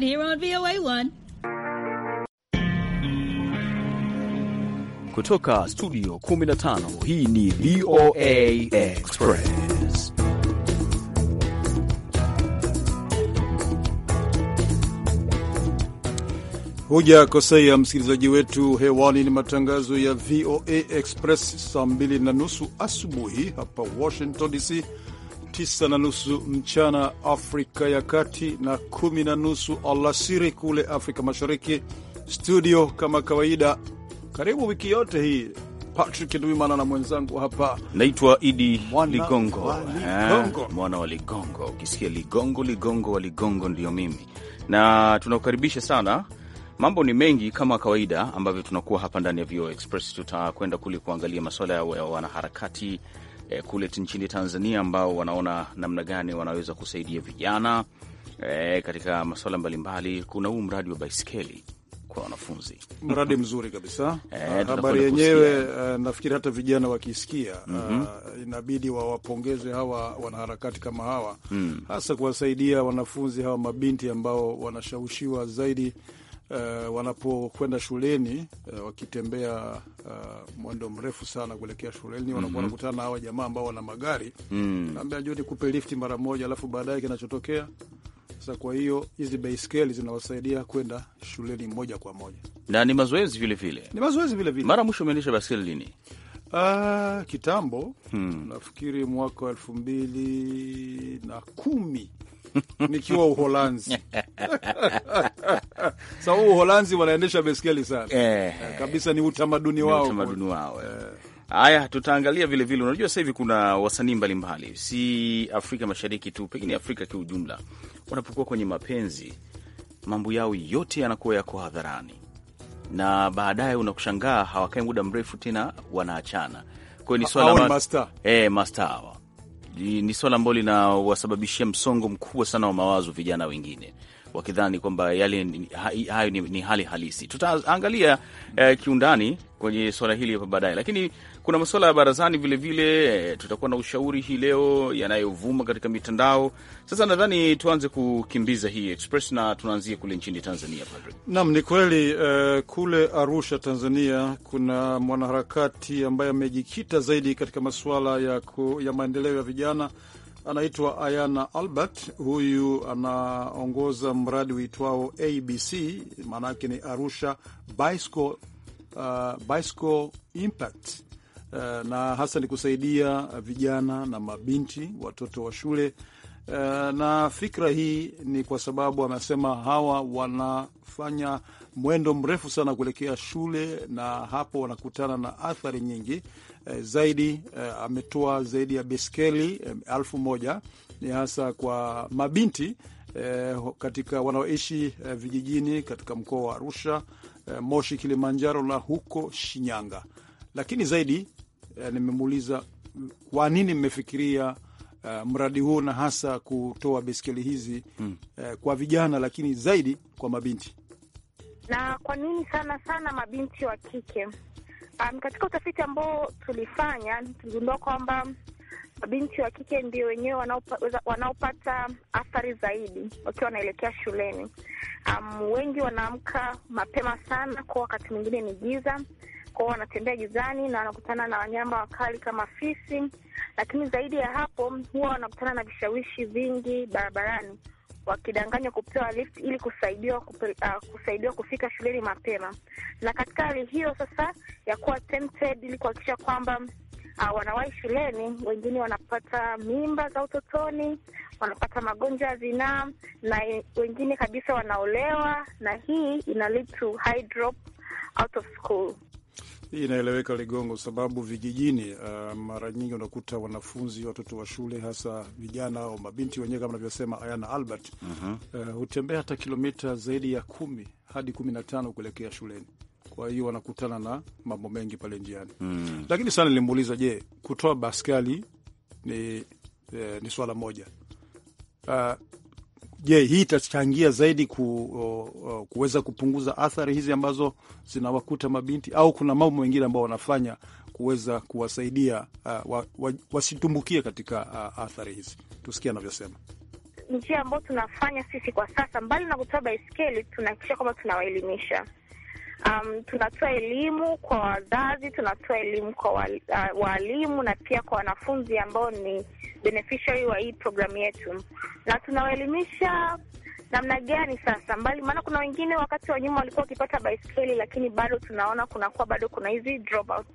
Here on VOA1. Kutoka studio 15 hii ni VOA Express. Huja kosea msikilizaji wetu, hewani ni matangazo ya VOA Express saa 2 na nusu asubuhi hapa Washington DC tisa na nusu mchana Afrika ya Kati na kumi na nusu alasiri kule Afrika Mashariki. Studio kama kawaida, karibu wiki yote hii Patrick Ndwimana na mwenzangu hapa naitwa Idi mwana Ligongo, eh, mwana wa Ligongo. Ukisikia Ligongo, Ligongo wa Ligongo ndiyo mimi, na tunakukaribisha sana. Mambo ni mengi kama kawaida ambavyo tunakuwa hapa ndani ya VOA Express. Tutakwenda kule kuangalia masuala ya wanaharakati eh, kule nchini Tanzania ambao wanaona namna gani wanaweza kusaidia vijana eh, katika masuala mbalimbali. Kuna huu mradi wa baiskeli kwa wanafunzi, mradi mzuri kabisa eh, ah, habari yenyewe uh, nafikiri hata vijana wakisikia mm -hmm. uh, inabidi wawapongeze hawa wanaharakati kama hawa mm. hasa kuwasaidia wanafunzi hawa mabinti ambao wanashawishiwa zaidi uh, wanapokwenda shuleni uh, wakitembea uh, mwendo mrefu sana kuelekea shuleni mm -hmm. wanakutana na hawa jamaa ambao wana magari mm. naambia njoo nikupe lifti mara moja, alafu baadaye kinachotokea sasa. Kwa hiyo hizi baiskeli zinawasaidia kwenda shuleni moja kwa moja, na ni mazoezi vile vile, ni mazoezi vile vile. Mara mwisho umeendesha baiskeli lini? Ah, kitambo hmm. Nafikiri mwaka wa elfu mbili na kumi nikiwa Uholanzi. Sababu Uholanzi wanaendesha beskeli sana eh. eh, kabisa ni utamaduni wao, utamaduni wao eh. Eh. Haya, tutaangalia vilevile. Unajua, sasa hivi kuna wasanii mbalimbali, si Afrika Mashariki tu, pengine Afrika kiujumla, wanapokuwa kwenye mapenzi, mambo yao yote yanakuwa yako hadharani, na baadaye unakushangaa hawakae muda mrefu tena wanaachana. Kwa hiyo ni swala ma... masta eh, masta hawa ni swala ambalo linawasababishia msongo mkubwa sana wa mawazo vijana wengine wakidhani kwamba yale hayo ni, ni hali halisi. Tutaangalia eh, kiundani kwenye swala hili hapa baadaye, lakini kuna masuala ya barazani vilevile, eh, tutakuwa na ushauri hii leo yanayovuma katika mitandao. Sasa nadhani tuanze kukimbiza hii express na tunaanzia kule nchini Tanzania. nam naam, ni kweli uh, kule Arusha Tanzania kuna mwanaharakati ambaye amejikita zaidi katika masuala ya, ku, ya maendeleo ya vijana anaitwa Ayana Albert. Huyu anaongoza mradi uitwao ABC, maana ni Arusha Bicycle, uh, Bicycle Impact Eh, na hasa ni kusaidia vijana na mabinti, watoto wa shule. Eh, na fikra hii ni kwa sababu anasema hawa wanafanya mwendo mrefu sana kuelekea shule, na hapo wanakutana na athari nyingi eh, zaidi. Ametoa zaidi ya beskeli elfu moja ni hasa kwa mabinti eh, katika wanaoishi eh, vijijini katika mkoa wa Arusha, eh, Moshi, Kilimanjaro na huko Shinyanga. Lakini zaidi Eh, nimemuuliza kwa nini mmefikiria Uh, mradi huo na hasa kutoa beskeli hizi mm, uh, kwa vijana lakini zaidi kwa mabinti. Na kwa nini sana sana mabinti wa kike? Um, katika utafiti ambao tulifanya tuligundua kwamba mabinti wa kike ndio wenyewe wanaopata athari zaidi wakiwa wanaelekea shuleni. Um, wengi wanaamka mapema sana, kwa wakati mwingine ni giza kwao, wanatembea gizani na wanakutana na wanyama wakali kama fisi, lakini zaidi ya hapo huwa wanakutana na vishawishi vingi barabarani, wakidanganywa kupewa lift ili kusaidiwa uh, kusaidiwa kufika shuleni mapema. Na katika hali hiyo sasa ya kuwa tempted ili kuhakikisha kwamba uh, wanawahi shuleni, wengine wanapata mimba za utotoni, wanapata magonjwa ya zinaa na wengine kabisa wanaolewa, na hii ina lead to high drop out of school. Hii inaeleweka Ligongo, sababu vijijini uh, mara nyingi unakuta wanafunzi, watoto wa shule, hasa vijana au mabinti wenyewe, kama anavyosema Ayana Albert mhm. uh, hutembea uh -huh. uh, hata kilomita zaidi ya kumi hadi kumi na tano kuelekea shuleni kwa hiyo wanakutana na mambo mengi pale njiani mm. Lakini sana nilimuuliza, je, kutoa baskali ni, eh, ni swala moja uh, Je, hii itachangia zaidi ku, kuweza kupunguza athari hizi ambazo zinawakuta mabinti, au kuna mambo mengine ambao wanafanya kuweza kuwasaidia uh, wa, wa, wasitumbukie katika uh, athari hizi? Tusikie anavyosema. Njia ambayo tunafanya sisi kwa sasa, mbali na kutoa baiskeli, tunahakikisha kwamba tunawaelimisha Um, tunatoa elimu kwa wazazi, tunatoa elimu kwa waalimu uh, na pia kwa wanafunzi ambao ni beneficiary wa hii programu yetu, na tunawaelimisha namna gani sasa mbali, maana kuna wengine wakati wa nyuma walikuwa wakipata baiskeli, lakini bado tunaona kunakuwa bado kuna hizi dropout.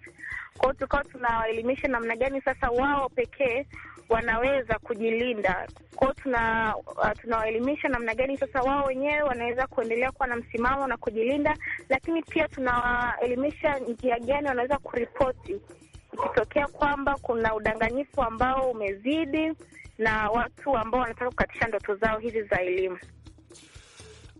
tukawa tunawaelimisha namna gani sasa wao pekee wanaweza kujilinda kwao. Tuna uh, tunawaelimisha namna gani sasa wao wenyewe wanaweza kuendelea kuwa na msimamo na kujilinda, lakini pia tunawaelimisha njia gani wanaweza kuripoti ikitokea kwamba kuna udanganyifu ambao umezidi na watu ambao wanataka kukatisha ndoto zao hizi za elimu.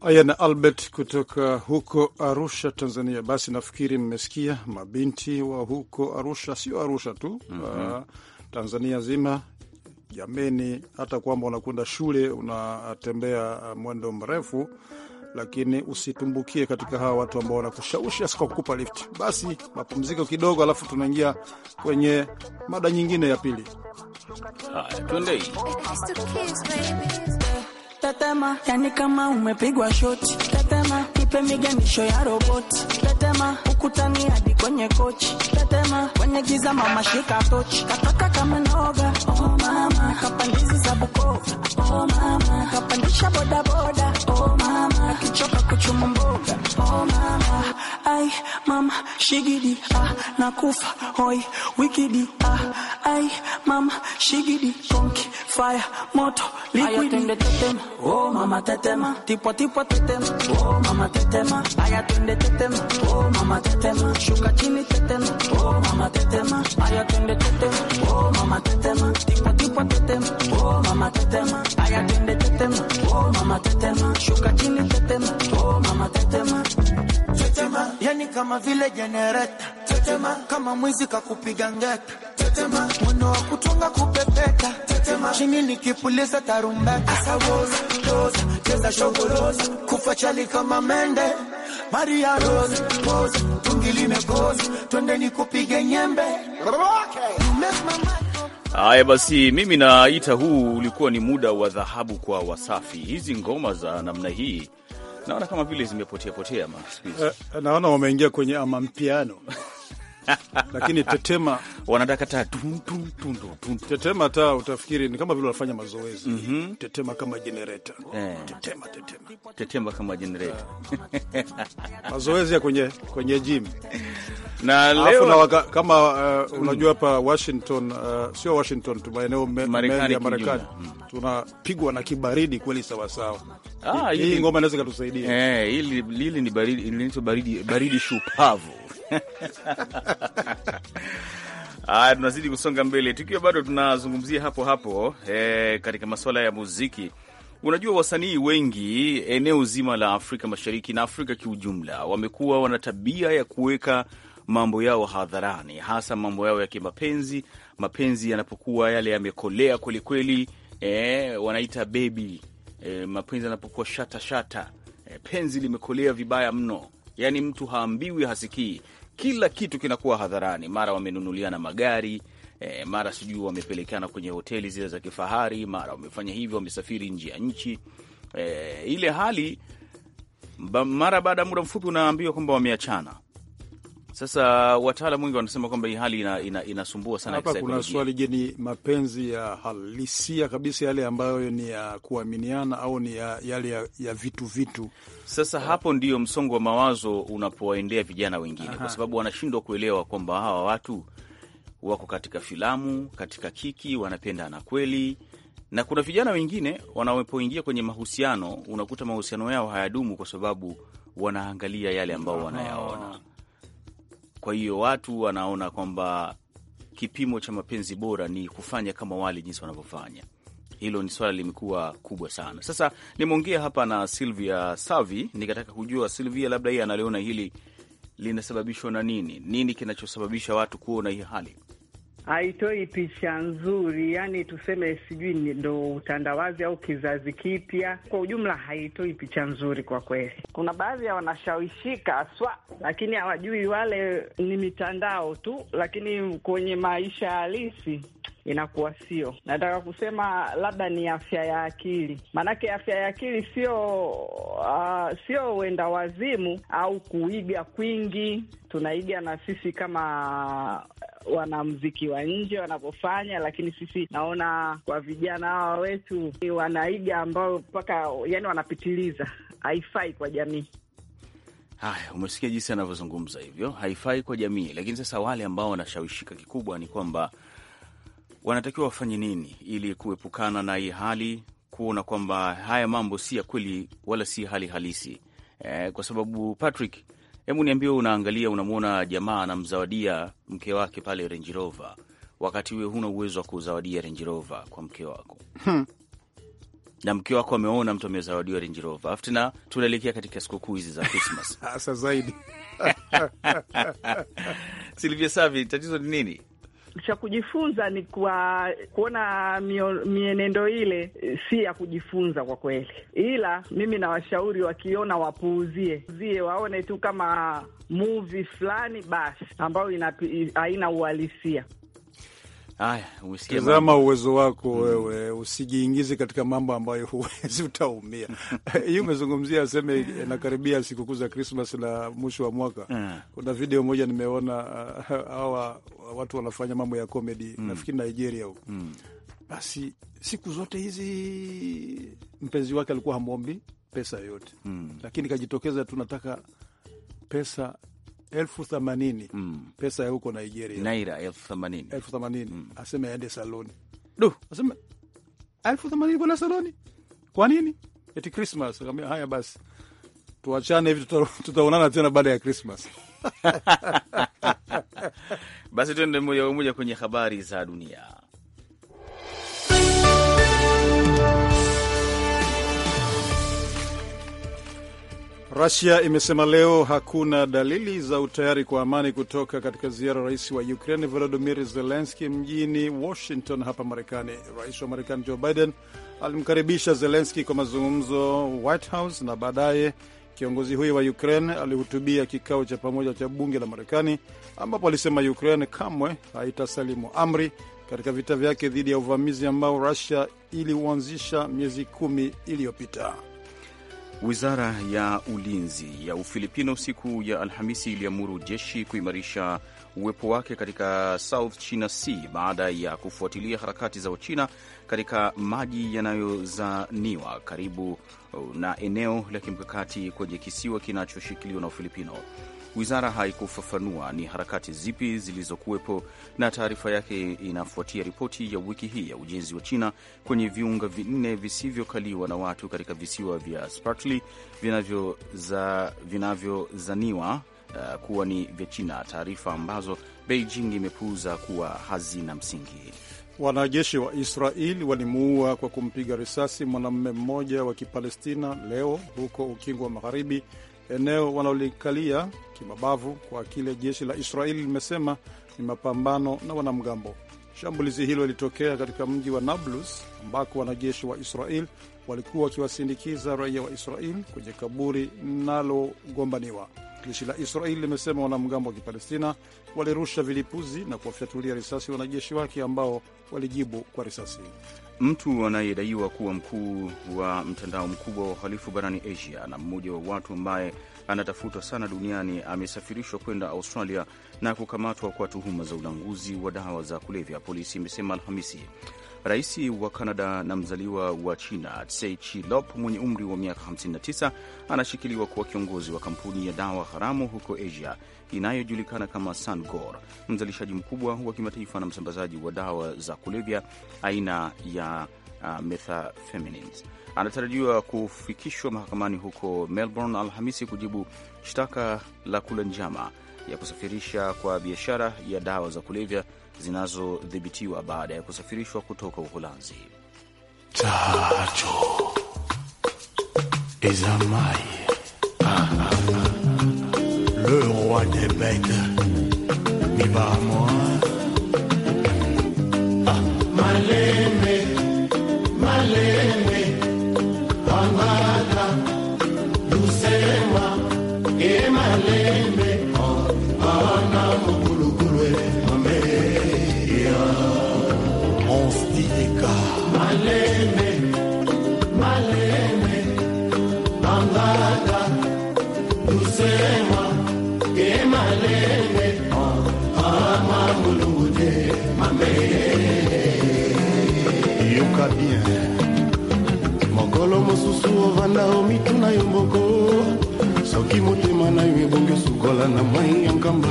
Aya na Albert kutoka huko Arusha, Tanzania. Basi nafikiri mmesikia mabinti wa huko Arusha, sio Arusha tu mm -hmm. Tanzania zima jameni, hata kwamba unakwenda shule unatembea uh, mwendo mrefu, lakini usitumbukie katika hawa watu ambao wanakushawishi asika kukupa lift. Basi mapumziko kidogo, alafu tunaingia kwenye mada nyingine ya pili. yani kama umepigwa shoti miganisho ya roboti ukutani hadi kwenye kochi kwenye giza mama shika tochi kataka kama noga oh mama Oh, mama kapandisha bodaboda, oh mama kapandisha bodaboda, oh ukichoka kuchuma mboga oh mama ai mama shigidi ah nakufa hoi wikidi ah ai mama shigidi konki fire moto liquidi tetema oh mama tetema tipo tipo tetema oh mama tetema aya twende tetema oh mama tetema shuka chini tetema oh mama tetema aya twende tetema oh mama tetema tipo tipo tetema oh mama tetema aya twende tetema oh mama tetema shuka chini tetema tetema, oh mama tetema, tetema, yani kama vile jenereta tetema, kama mwizi kakupiga ngeta tetema, mwendo wa kutonga kupepeta tetema, chini nikipuliza tarumbeta, asawoza roza cheza shogoroza kufa chali kama mende Maria Rose, pose, tungi limekoza, twende nikupige nyembe. Okay. Haya basi, mimi naita huu ulikuwa ni muda wa dhahabu kwa Wasafi. Hizi ngoma za namna hii Naona kama vile zimepotea potea, eh, eh, naona wameingia kwenye amampiano lakini tetema wanataka taa tetema, taa utafikiri ni kama vile wanafanya mazoezi mm -hmm. Tetema kama jenereta eh. Tetema, tetema. Tetema kama jenereta mazoezi ya kwenye, kwenye gym na leo... na waka, kama uh, unajua hapa Washington uh, sio Washington tu, maeneo ya Marekani mm. tunapigwa na kibaridi kweli, sawasawa. Ah, Hii ngoma inaweza ikatusaidia eh, hili, ni baridi baridi shupavu Aya, tunazidi kusonga mbele tukiwa bado tunazungumzia hapo hapo e, katika masuala ya muziki. Unajua, wasanii wengi eneo zima la Afrika Mashariki na Afrika kiujumla wamekuwa wana tabia ya kuweka mambo yao hadharani, hasa mambo yao ya kimapenzi. Mapenzi yanapokuwa yale yamekolea kwelikweli, e, eh, wanaita bebi e, eh, mapenzi yanapokuwa shata shata. E, penzi limekolea vibaya mno, yaani mtu haambiwi, hasikii kila kitu kinakuwa hadharani, mara wamenunuliana magari e, mara sijui wamepelekana kwenye hoteli zile za kifahari, mara wamefanya hivyo, wamesafiri nje ya nchi e, ile hali mara baada ya muda mfupi unaambiwa kwamba wameachana. Sasa wataalamu wengi wanasema kwamba hii hali ina, ina, inasumbua sana. Hapa kuna swali, je, ni mapenzi ya halisia kabisa yale ambayo ni ya kuaminiana au ni ya, yale ya, ya vitu vitu? Sasa uh, Hapo ndio msongo wa mawazo unapowaendea vijana wengine Kwa sababu wanashindwa kuelewa kwamba hawa watu wako katika filamu, katika kiki, wanapenda na kweli na kuna vijana wengine wanapoingia kwenye mahusiano unakuta mahusiano yao hayadumu kwa sababu wanaangalia yale ambao wanayaona. Kwa hiyo watu wanaona kwamba kipimo cha mapenzi bora ni kufanya kama wale jinsi wanavyofanya. Hilo ni swala limekuwa kubwa sana. Sasa nimeongea hapa na Silvia Savi, nikataka kujua Silvia, labda yeye analiona hili linasababishwa na nini, nini kinachosababisha watu kuona hii hali haitoi picha nzuri, yani tuseme sijui ndo utandawazi au kizazi kipya. Kwa ujumla, haitoi picha nzuri kwa kweli. Kuna baadhi ya wanashawishika haswa, lakini hawajui wale ni mitandao tu, lakini kwenye maisha halisi inakuwa sio. Nataka kusema labda ni afya ya akili, maanake afya ya akili sio uh, sio uenda wazimu au kuiga kwingi tunaiga na sisi kama wanamziki wa nje wanavyofanya, lakini sisi naona kwa vijana hawa wetu wanaiga ambao mpaka yani wanapitiliza, haifai kwa jamii. Haya, umesikia jinsi anavyozungumza hivyo, haifai kwa jamii. Lakini sasa wale ambao wanashawishika, kikubwa ni kwamba wanatakiwa wafanye nini ili kuepukana na hii hali, kuona kwamba haya mambo si ya kweli wala si hali halisi eh, kwa sababu Patrick Hebu niambie, unaangalia, unamwona jamaa anamzawadia mke wake pale Range Rover, wakati huwe huna uwezo wa kuzawadia Range Rover kwa mke wako hmm. na mke wako ameona mtu amezawadiwa Range Rover, alafu tena tunaelekea katika sikukuu hizi za Krismas hasa zaidi. Silvia Savi, tatizo ni nini? cha kujifunza ni kwa kuona mio, mienendo ile si ya kujifunza kwa kweli, ila mimi nawashauri wakiona wapuuzie zie, waone tu kama movie fulani basi ambayo haina uhalisia. Haya, tazama uwezo wako wewe, usijiingize katika mambo ambayo huwezi, utaumia. Hii umezungumzia aseme nakaribia sikukuu za Krismas na mwisho wa mwaka. Ah. Kuna video moja nimeona uh, hawa watu wanafanya mambo ya komedi, mm. nafikiri Nigeria huko. Mm. Basi siku zote hizi mpenzi wake alikuwa hamwombi pesa yoyote, mm. lakini kajitokeza tunataka pesa elfu themanini mm. pesa ya huko Nigeria, naira elfu themanini elfu themanini mm. aseme aende saloni du, aseme elfu themanini kwenda saloni kwa nini? Eti Krismas. Akaambia haya basi, tuachane hivi, tutaonana tena baada ya Krismas. Basi tuende moja kwa moja kwenye habari za dunia. Rusia imesema leo hakuna dalili za utayari kwa amani kutoka katika ziara ya rais wa Ukraine volodimir Zelenski mjini Washington hapa Marekani. Rais wa Marekani Joe Biden alimkaribisha Zelenski kwa mazungumzo White House, na baadaye kiongozi huyo wa Ukraine alihutubia kikao cha pamoja cha bunge la Marekani, ambapo alisema Ukraine kamwe haitasalimu amri katika vita vyake dhidi ya uvamizi ambao Rusia iliuanzisha miezi kumi iliyopita. Wizara ya ulinzi ya Ufilipino siku ya Alhamisi iliamuru jeshi kuimarisha uwepo wake katika South China Sea baada ya kufuatilia harakati za Wachina katika maji yanayozaniwa karibu uh, na eneo la kimkakati kwenye kisiwa kinachoshikiliwa na Ufilipino. Wizara haikufafanua ni harakati zipi zilizokuwepo, na taarifa yake inafuatia ripoti ya wiki hii ya ujenzi wa China kwenye viunga vinne visivyokaliwa na watu katika visiwa vya Spratly vinavyozaniwa uh, kuwa ni vya China, taarifa ambazo Beijing imepuuza kuwa hazina msingi. Wanajeshi wa israel walimuua kwa kumpiga risasi mwanamume mmoja wa Kipalestina leo huko Ukingo wa Magharibi eneo wanaolikalia kimabavu kwa kile jeshi la Israeli limesema ni mapambano na wanamgambo. Shambulizi hilo lilitokea katika mji wa Nablus ambako wanajeshi wa Israel walikuwa wakiwasindikiza raia wa Israel kwenye kaburi linalogombaniwa. Jeshi la Israel limesema wanamgambo wa Kipalestina walirusha vilipuzi na kuwafyatulia risasi wanajeshi wake ambao walijibu kwa risasi. Mtu anayedaiwa kuwa mkuu wa mtandao mkubwa wa uhalifu barani Asia na mmoja wa watu ambaye anatafutwa sana duniani amesafirishwa kwenda Australia na kukamatwa kwa tuhuma za ulanguzi wa dawa za kulevya, polisi imesema Alhamisi. Rais wa Kanada na mzaliwa wa China Tsai Lop mwenye umri wa miaka 59 anashikiliwa kuwa kiongozi wa kampuni ya dawa haramu huko Asia inayojulikana kama Sangor, mzalishaji mkubwa wa kimataifa na msambazaji wa dawa za kulevya aina ya uh, methamphetamine anatarajiwa kufikishwa mahakamani huko Melbourne Alhamisi kujibu shtaka la kula njama ya kusafirisha kwa biashara ya dawa za kulevya zinazodhibitiwa baada ya kusafirishwa kutoka Uholanzi. le roi des bêtes. Viva moi. Ah, Malé. mosusu ovanda omitu na yo moko soki motema na yo ebongi osukola na mai ya nkamba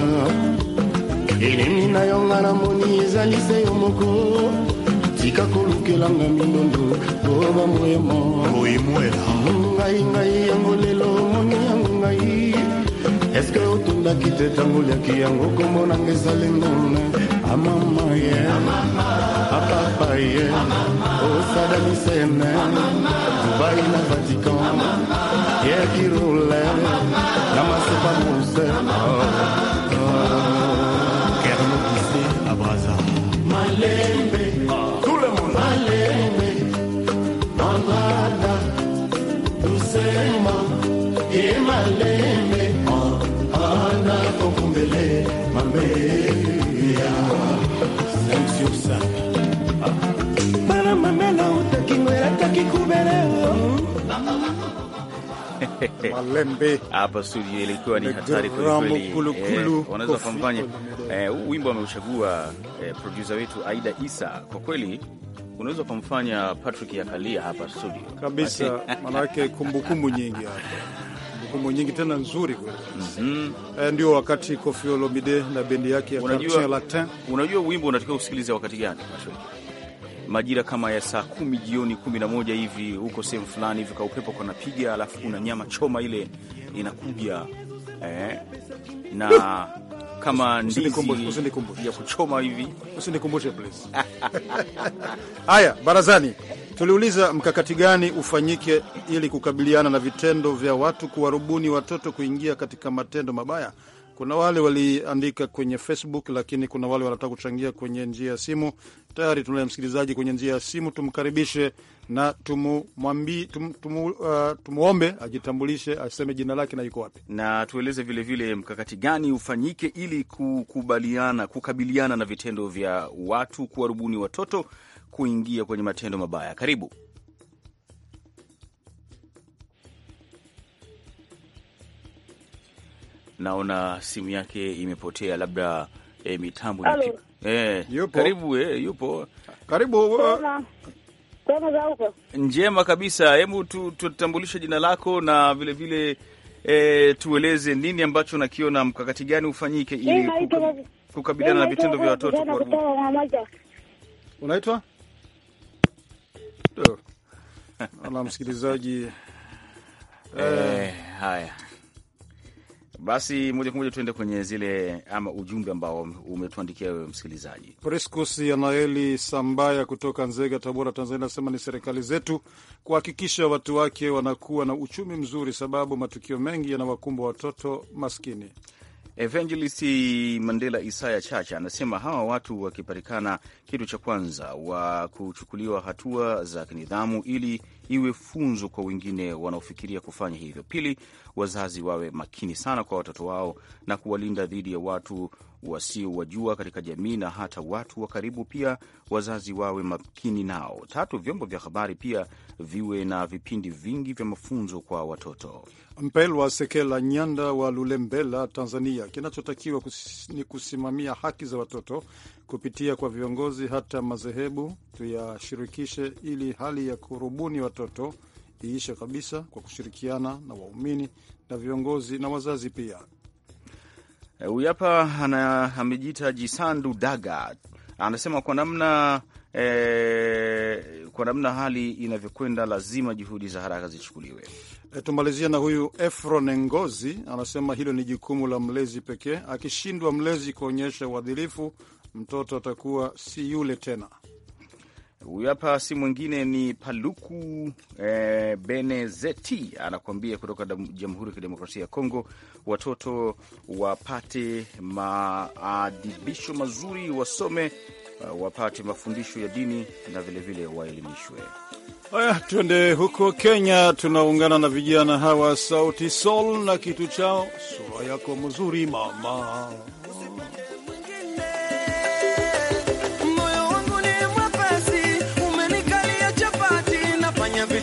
elemni na yo nga namoni ezali se yo moko tika kolukelanga mindondo po bamoyemo boyimwela ngai ngai yango lelo moni yango ngai eske ndakite tangoliaki yango kombo nanga ezali amama ye apapa ye osadamisene dubai na vatican ye na masepa muse oh. oh. oh. kernokise malembe hapa studio, ilikuwa ni hatari kwelikweli. Eh, unaweza kumfanya eh, huu wimbo ameuchagua eh, produsa wetu Aida Isa, kwa kweli unaweza kumfanya Patrick yakalia hapa studio kabisa, manake kumbukumbu nyingi hapa kumbukumbu nyingi tena nzuri kweli. mm -hmm. Ndio wakati Koffi Olomide na bendi yake ya Quartier Latin. Unajua wimbo unatakiwa usikilize wakati gani Patrick? majira kama ya saa kumi jioni, kumi na moja hivi huko sehemu fulani hivi, kaupepo kanapiga, alafu kuna nyama choma ile inakuja eh, na kama ndizi ya kuchoma hivi. Usinikumbushe please. Haya, barazani tuliuliza mkakati gani ufanyike ili kukabiliana na vitendo vya watu kuwarubuni watoto kuingia katika matendo mabaya kuna wale waliandika kwenye Facebook, lakini kuna wale wanataka kuchangia kwenye njia ya simu. Tayari tunaye msikilizaji kwenye njia ya simu, tumkaribishe na tumwombe tum, uh, ajitambulishe, aseme jina lake na yuko wapi, na tueleze vilevile mkakati gani ufanyike ili kukubaliana, kukabiliana na vitendo vya watu kuwarubuni watoto kuingia kwenye matendo mabaya. Karibu. naona simu yake imepotea, labda e, mitambo eh, yupo. Karibu e, yupo karibu njema kabisa. Hebu tutambulishe jina lako na vilevile vile, e, tueleze nini ambacho nakiona, mkakati gani ufanyike ili kukabiliana na vitendo vya watoto. Unaitwa msikilizaji? Haya. Basi moja kwa moja tuende kwenye zile ama ujumbe ambao umetuandikia wewe msikilizaji. Priscus Yanaeli Sambaya kutoka Nzega, Tabora, Tanzania anasema ni serikali zetu kuhakikisha watu wake wanakuwa na uchumi mzuri, sababu matukio mengi yanawakumba watoto maskini. Evangelist Mandela Isaya Chacha anasema hawa watu wakipatikana, kitu cha kwanza wa kuchukuliwa hatua za kinidhamu ili iwe funzo kwa wengine wanaofikiria kufanya hivyo. Pili, wazazi wawe makini sana kwa watoto wao na kuwalinda dhidi ya watu wasiowajua katika jamii na hata watu wa karibu, pia wazazi wawe makini nao. Tatu, vyombo vya habari pia viwe na vipindi vingi vya mafunzo kwa watoto. Mpelwa Sekela Nyanda wa Lulembela, Tanzania: kinachotakiwa kus, ni kusimamia haki za watoto kupitia kwa viongozi hata madhehebu tuyashirikishe, ili hali ya kurubuni watoto iishe kabisa, kwa kushirikiana na waumini na viongozi na wazazi pia. Eh, huyu hapa amejiita Jisandu Daga, anasema kwa namna e, kwa namna hali inavyokwenda lazima juhudi za haraka zichukuliwe. E, eh, tumalizia na huyu Efron Ngozi, anasema hilo ni jukumu la mlezi pekee. Akishindwa mlezi kuonyesha uadilifu mtoto atakuwa si yule tena. Huyu hapa si mwingine ni Paluku eh, Benezeti anakuambia kutoka Jamhuri ya Kidemokrasia ya Kongo, watoto wapate maadibisho mazuri, wasome eh, wapate mafundisho ya dini na vilevile waelimishwe. Haya, tuende huko Kenya, tunaungana na vijana hawa Sauti Sol na kitu chao sura yako mzuri mama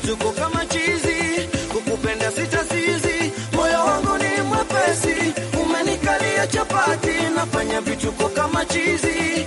tuko kama chizi, kukupenda sitasizi, moyo wangu ni mwepesi, umenikalia chapati, nafanya vituko kama chizi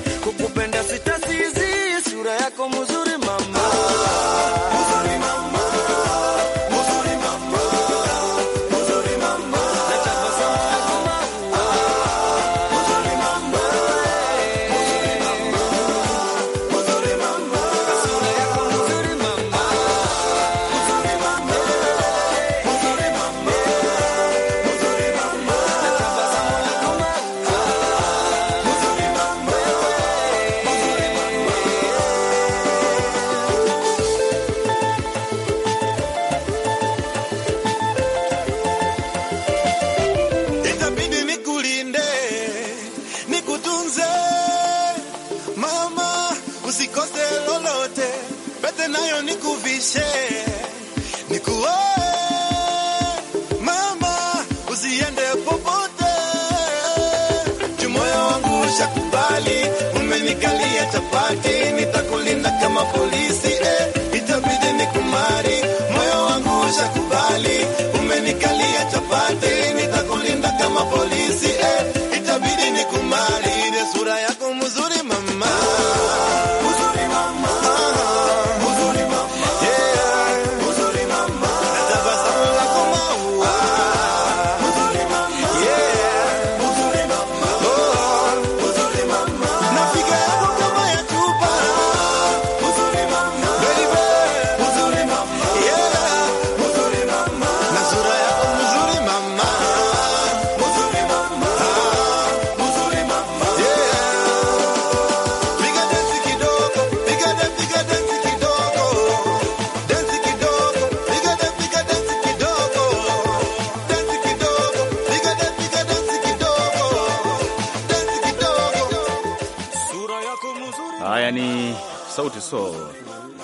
Soul,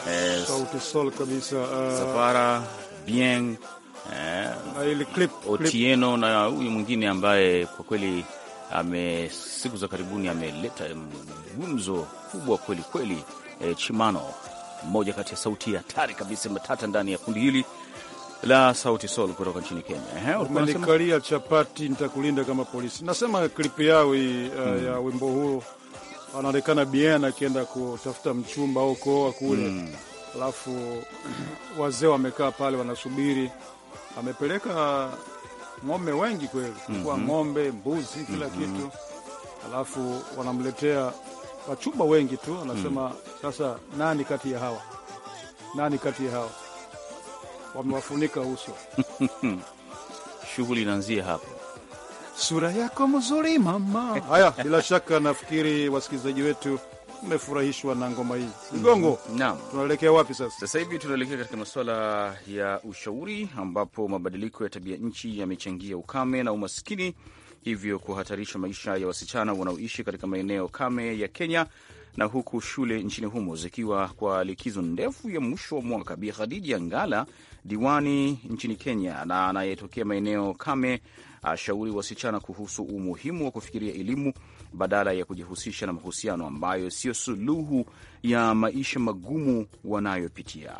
eh, Sauti kabisa. Uh, Safara Bien, eh, uh, clip, Otieno clip. Na huyu mwingine ambaye kwa kweli ame siku za karibuni ameleta gumzo kubwa kweli kweli, eh, Chimano, mmoja kati ya sauti hatari kabisa matata ndani ya kundi hili la Sauti Sol kutoka nchini Kenya. Eh, Umenikalia chapati, nitakulinda kama polisi. Nasema klipu yao hii, uh, mm. ya wimbo huo wanaonekana bien akienda kutafuta mchumba au kuoa kule mm. Alafu wazee wamekaa pale wanasubiri, amepeleka ng'ombe wengi kweli mm -hmm. kwa ng'ombe, mbuzi, kila mm -hmm. kitu, alafu wanamletea wachumba wengi tu, anasema mm -hmm. Sasa nani kati ya hawa, nani kati ya hawa, wamewafunika uso shughuli inaanzia hapo sura yako mzuri mama. Haya, bila shaka nafikiri wasikilizaji wetu mmefurahishwa na ngoma hii Mgongo. Naam, tunaelekea wapi sasa? Sasa hivi tunaelekea katika masuala ya ushauri, ambapo mabadiliko ya tabia nchi yamechangia ukame na umaskini, hivyo kuhatarisha maisha ya wasichana wanaoishi katika maeneo kame ya Kenya, na huku shule nchini humo zikiwa kwa likizo ndefu ya mwisho wa mwaka. Bi Khadija Ngala diwani nchini Kenya na anayetokea maeneo kame ashauri uh, wasichana kuhusu umuhimu wa kufikiria elimu badala ya kujihusisha na mahusiano ambayo siyo suluhu ya maisha magumu wanayopitia.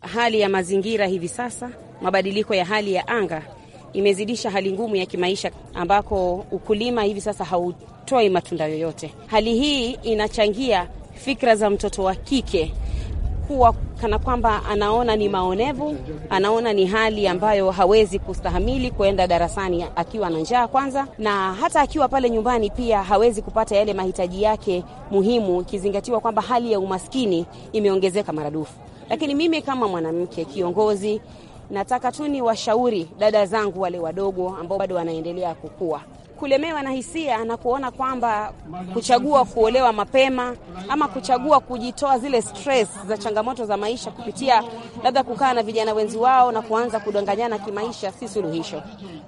Hali ya mazingira hivi sasa, mabadiliko ya hali ya anga imezidisha hali ngumu ya kimaisha, ambako ukulima hivi sasa hautoi matunda yoyote. Hali hii inachangia fikra za mtoto wa kike kuwa kana kwamba anaona ni maonevu, anaona ni hali ambayo hawezi kustahamili kuenda darasani akiwa na njaa kwanza, na hata akiwa pale nyumbani pia hawezi kupata yale mahitaji yake muhimu, ikizingatiwa kwamba hali ya umaskini imeongezeka maradufu. Lakini mimi kama mwanamke kiongozi, nataka tu ni washauri dada zangu wale wadogo ambao bado wanaendelea kukua kulemewa na hisia na kuona kwamba kuchagua kuolewa mapema ama kuchagua kujitoa zile stress za changamoto za maisha kupitia labda kukaa na vijana wenzi wao na kuanza kudanganyana kimaisha, si suluhisho.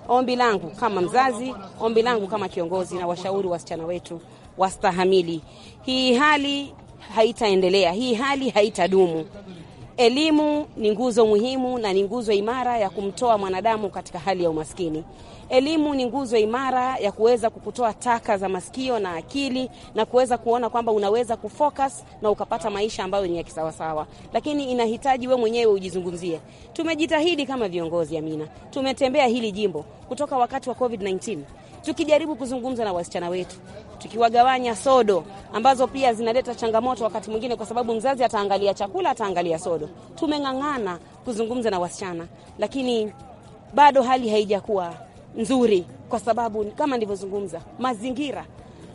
Ombi langu kama mzazi, ombi langu kama kiongozi, na washauri wasichana wetu wastahamili hii hali, haitaendelea hii hali, haitadumu. Elimu ni nguzo muhimu na ni nguzo imara ya kumtoa mwanadamu katika hali ya umaskini. Elimu ni nguzo imara ya kuweza kukutoa taka za masikio na akili na kuweza kuona kwamba unaweza kufocus na ukapata maisha ambayo ni ya kisawasawa, lakini inahitaji we mwenyewe ujizungumzie. Tumejitahidi kama viongozi, Amina, tumetembea hili jimbo kutoka wakati wa COVID-19 tukijaribu kuzungumza na wasichana wetu, tukiwagawanya sodo ambazo pia zinaleta changamoto wakati mwingine, kwa sababu mzazi ataangalia chakula, ataangalia sodo. Tumeng'ang'ana kuzungumza na wasichana, lakini bado hali haijakuwa nzuri, kwa sababu kama nilivyozungumza, mazingira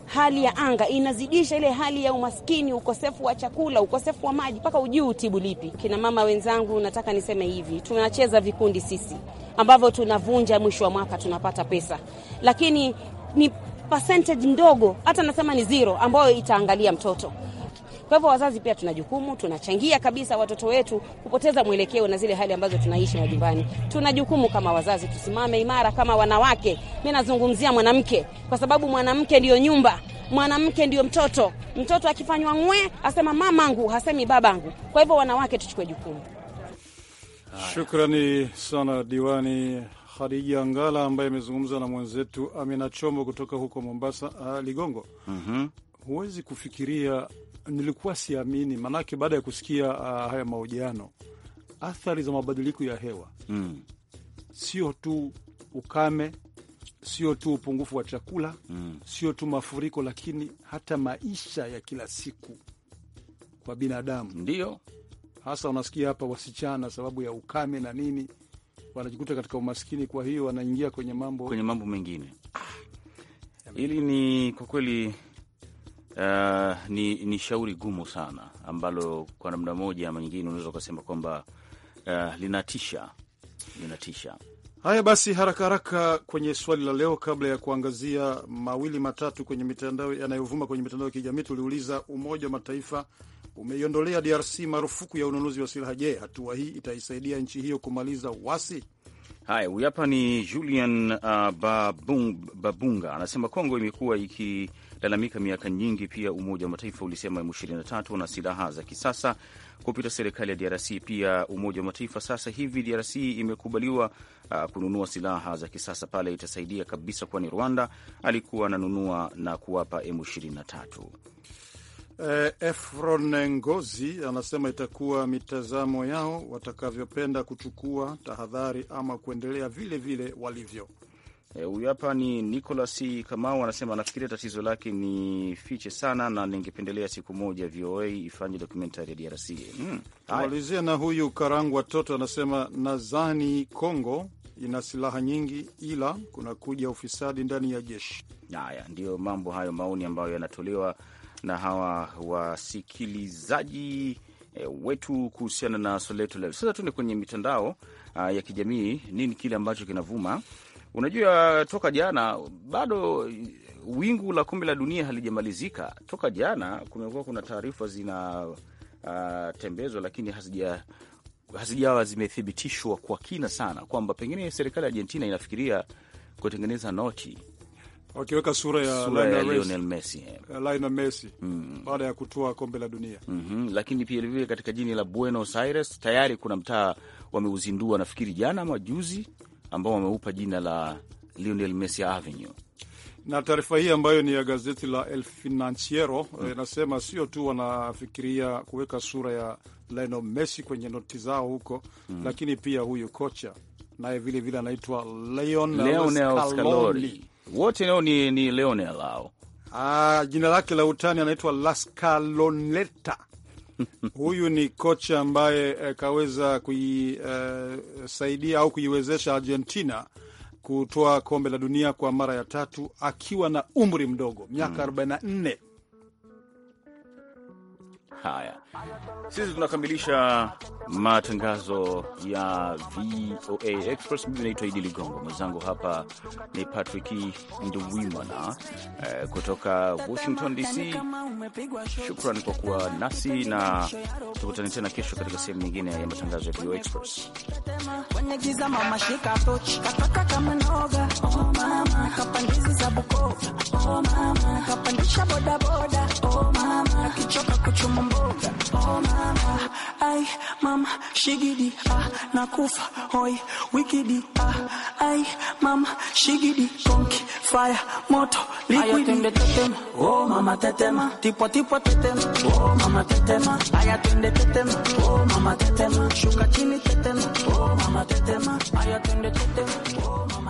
hali ya anga inazidisha ile hali ya umaskini, ukosefu wa chakula, ukosefu wa maji, mpaka ujui utibu lipi. Kina mama wenzangu, nataka niseme hivi, tunacheza vikundi sisi ambavyo tunavunja, mwisho wa mwaka tunapata pesa, lakini ni percentage ndogo, hata nasema ni zero, ambayo itaangalia mtoto kwa hivyo wazazi pia tuna jukumu, tunachangia kabisa watoto wetu kupoteza mwelekeo na zile hali ambazo tunaishi majumbani. Tuna jukumu kama wazazi, tusimame imara kama wanawake. Mimi nazungumzia mwanamke kwa sababu mwanamke ndiyo nyumba mwanamke ndio mtoto. Mtoto akifanywa ngwe asema mamangu, hasemi babangu. Kwa hivyo wanawake tuchukue jukumu. Shukrani sana diwani hadija Ngala ambaye amezungumza na mwenzetu Amina Chombo kutoka huko Mombasa. Ah, Ligongo, mm -hmm. huwezi kufikiria nilikuwa siamini, maanake baada ya kusikia uh, haya mahojiano, athari za mabadiliko ya hewa mm. sio tu ukame, sio tu upungufu wa chakula mm. sio tu mafuriko, lakini hata maisha ya kila siku kwa binadamu. Ndio hasa unasikia hapa wasichana, sababu ya ukame na nini, wanajikuta katika umaskini, kwa hiyo wanaingia kwenye mambo kwenye mambo mengine. Hili ah. ni kwa kweli Uh, ni, ni shauri gumu sana ambalo kwa namna moja ama nyingine unaweza ukasema kwamba uh, linatisha, linatisha. Haya basi, haraka haraka kwenye swali la leo, kabla ya kuangazia mawili matatu kwenye mitandao yanayovuma kwenye mitandao ya kijamii, tuliuliza Umoja wa Mataifa umeiondolea DRC marufuku ya ununuzi wa silaha. Je, hatua hii itaisaidia nchi hiyo kumaliza uasi? Haya, huyu hapa ni Julian uh, Babung, Babunga anasema Kongo imekuwa iki lalamika miaka nyingi. Pia Umoja wa Mataifa ulisema M23 na silaha za kisasa kupita serikali ya DRC. Pia Umoja wa Mataifa sasa hivi DRC imekubaliwa uh, kununua silaha za kisasa pale, itasaidia kabisa, kwani Rwanda alikuwa ananunua na kuwapa M23. Eh, Efron Ngozi anasema itakuwa mitazamo yao watakavyopenda kuchukua tahadhari ama kuendelea vile vile walivyo. Eh, huyu e, hapa ni Nicolas Kamau anasema anafikiria tatizo lake ni fiche sana, na ningependelea siku moja VOA ifanye dokumentari ya DRC. Hmm. na huyu Karangu watoto anasema nadhani Kongo ina silaha nyingi, ila kuna kuja ufisadi ndani ya jeshi. Haya ndiyo mambo hayo, maoni ambayo yanatolewa na hawa wasikilizaji e, wetu kuhusiana na swala letu leo. Sasa tuende kwenye mitandao a, ah, ya kijamii. Nini kile ambacho kinavuma? Unajua, toka jana bado wingu la kombe la dunia halijamalizika. Toka jana kumekuwa kuna taarifa zinatembezwa, ah, uh, lakini hazija hazijawa zimethibitishwa kwa kina sana kwamba pengine serikali ya Argentina inafikiria kutengeneza noti wakiweka sura ya, sura ya Lionel Messi, eh. Eh, Lionel Messi mm. baada ya kutoa kombe la dunia mm -hmm. Lakini pia vilevile katika jini la Buenos Aires tayari kuna mtaa wameuzindua, nafikiri jana majuzi ambao wameupa jina la Lionel Messi Avenue na taarifa hii ambayo ni ya gazeti la El Financiero hmm. eh, inasema mm. sio tu wanafikiria kuweka sura ya Lionel Messi kwenye noti zao huko mm. lakini pia huyu kocha naye vilevile anaitwa Leonel Scaloni. Wote nao ni, ni Leonel ao. Ah, jina lake la utani anaitwa Lascaloneta huyu ni kocha ambaye eh, kaweza kuisaidia eh, uh, au kuiwezesha Argentina kutoa kombe la dunia kwa mara ya tatu akiwa na umri mdogo miaka hmm, 44. Haya, sisi tunakamilisha matangazo ya VOA Express. Mimi naitwa Idi Ligongo, mwenzangu hapa ni Patrick Nduwimana eh, kutoka Washington DC. Shukran kwa kuwa nasi na tukutane tena kesho katika sehemu nyingine ya matangazo ya VOA Express. ai mam shigidi ah nakufa hoi wikidi ah ai mam shigidi konki fire moto liquid. tetema oh mama tetema tipo tipo tetema oh mama tetema aya twende tetema oh mama tetema shuka chini tetema oh mama tetema aya twende tetema oh